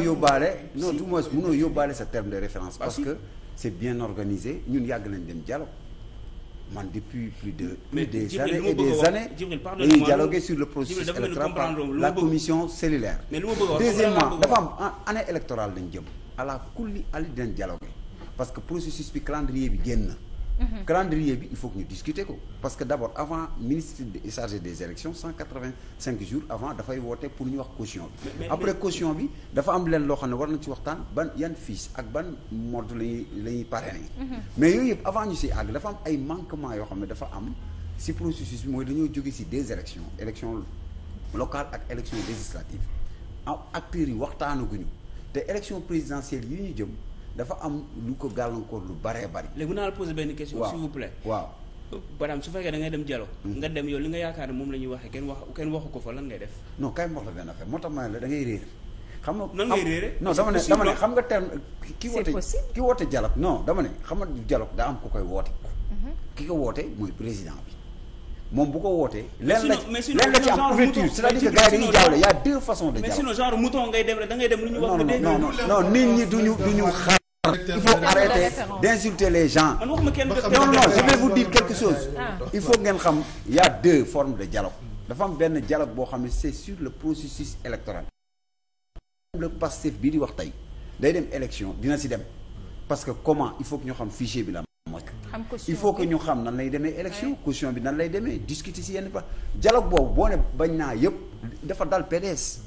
que yóbbaale non du moins yóbbaale sa terme de référence parce que c'est bien organisé ñun yàgg nañ dem dialogue man depuis plus de plus des années et des années dañuy dialoguer sur le processus électoral par la commission cellulaire deuxièmement dafa am année électorale dañ jëm à la kulli ali dinañ dialoguer parce que processus bi calendrier bi génn na Mhm. calendrier bi il faut ñu discuter ko parce que d' abord avant ministre de chargé des élections cent quatre vingt cinq jours avant dafay woote pour ñu wax caution bi après caution bi dafa am leen loo xam ne war na ci waxtaan ban yan fiche ak ban mode lañuy la ñuy parrainé mhm. mais yooyu yëpp avant ñu si àgg dafa am ay manquement yoo xam ne dafa am si processus bi mooy dañoo jóge si des élections élection locale ak élection législative ah, acteurs yi waxtaanaguñu te élection présidentielle yi ñu jëm dafa am lu ko gàllankoor lu baree bari. léegi mën naa la poser benn question. s'il vous plaît waaw maanaam su fekkee da ngay dem dialogue. Hmm. nga dem yow li nga yaakaar ne moom la ñuy waxee kenn wax kenn waxu ko fa lan ngay def. non no wax la benn da ko woote mooy président bi. moom bu ko wootee. lenn a da ngay dem lu ñu nit ñi duñu duñu xaar il faut arrêter d'insulter les gens non non je vais vous dire quelque faut ngeen xam a deux de dialogue dafa am benn dialogue boo xam ne c'est sur le processus électoral le Pastef bii di wax tey day dem élection dina si dem parce que comment il faut que ñu xam fichier bi la il faut que ñu xam nan lay demee élection caution bi nan lay demee discuter si yenn pa dialogue boobu boo ne bañ naa yëpp dafa dal PDS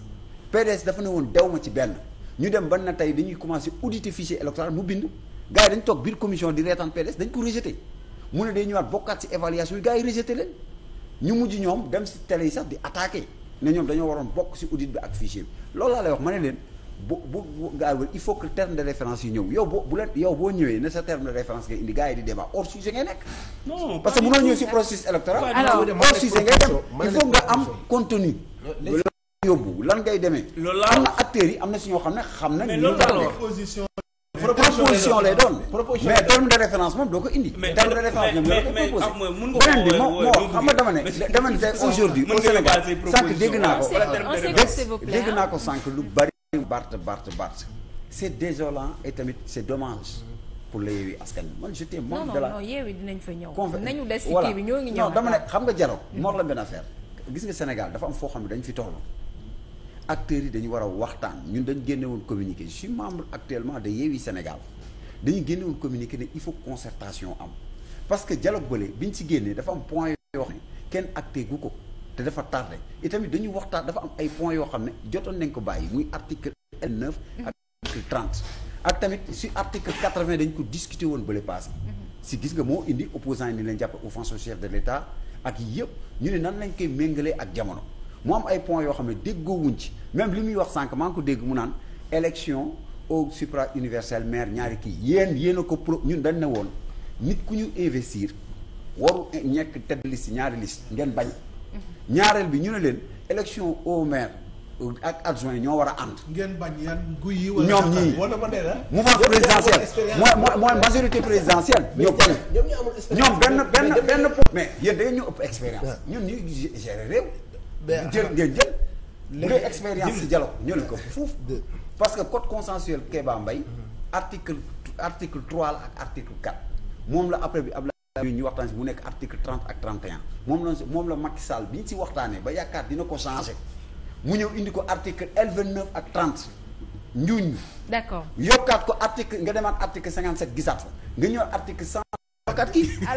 PDS dafa ne woon dew ma ci benn ñu dem ban na tey dañuy commencé auditer fichier électoral mu bind gars yi dañ toog biir commission di reetaan PDS dañ ko rejeté mu ne day ñëwaat bokkaat ci évaluation yi gars yi rejeté leen ñu mujj ñoom dem ci télé yi sax di attaqué ne ñoom dañoo waroon bokk ci audit bi ak fichier bi loolu laa lay wax ma ne leen bu bu gars yi il faut que terme de référence yi ñëw yow boo bu leen yow boo ñëwee ne sa terme de référence ngay indi gars yi di débat yóbbu lan ngay demee. loolu la am na acteurs yi am na si ñoo xam ne xam na mais loolu proposition lay doon. de référence moom doo ko indi. terme de référence ñoom ñoo ko proposé. beneen moo moo xam nga dama ne dama ne tey aujourd'hui au Sénégal sànq dégg naa ko. dégg naa ko sànq lu bari. Bart Bart Bart c'est désolant et tamit c'est dommage. pour la yeewi askan bi man j'étais membre de la non dinañ fa ñëw. nañu des ci kii bi ñoo ngi ñëw. non dama ne xam nga jaro moo la benn affaire gis nga Sénégal dafa am foo xam ne dañ fi toll. acteurs yi dañu war a waxtaan ñun dañ génne woon communiqué je suis membre actuellement de Yewwi Sénégal dañu génne communiqué ne il faut concertation am parce que dialogue bële bi ñu si génnee dafa am point yoo xam ne kenn acté gu ko te dafa tardé et tamit dañu waxtaan dafa am ay points yoo xam ne jotoon nañ ko bàyyi muy article L9 mm-hmm. ak article 30 ak tamit si article 80 dañ ko discuté woon bële passé mm-hmm. si gis nga moo indi opposant yi ni leen jàppe offense au chef de l'État ak yëpp ñu ne nan lañ koy méngalee ak jamono mu am ay point yoo xam ne déggoowuñ ci même li muy wax sànq maa ngi ko dégg mu naan élection au supra universel maire ñaari kii yéen yéen a ko pro ñun dañ ne woon nit ku ñu investir waru ñekk tedd liste ñaari liste ngeen bañ mhm. ñaareel bi ñu ne leen élection au maire ak adjoint ñoo war a ànd. ngeen bañ yan guy yi wala ñoom ñii mouvement présidentiel mooy mooy majorité présidentielle. ñoo bañ ñoom benn benn benn. mais yéen da ngeen ëpp expérience. ñun ñuy gérer réew. jël ngeen jël bu dee expérience si dialogue ñu ne ko foofu parce que code consensuel Kéba mbay mm-hmm. article article 3 la ak article 4 moom la après bi Abdoulaye ñu waxtaan si mu nekk article 30 ak 31 moom la moom la Macky Sall bi ñu si waxtaanee ba yaakaar dina ko changé mu ñëw indi ko article L29 ak 30 njuuñ d'accord yokkaat ko article nga demaat article 57 gisaat nga ñëw article 100 yokkaat kii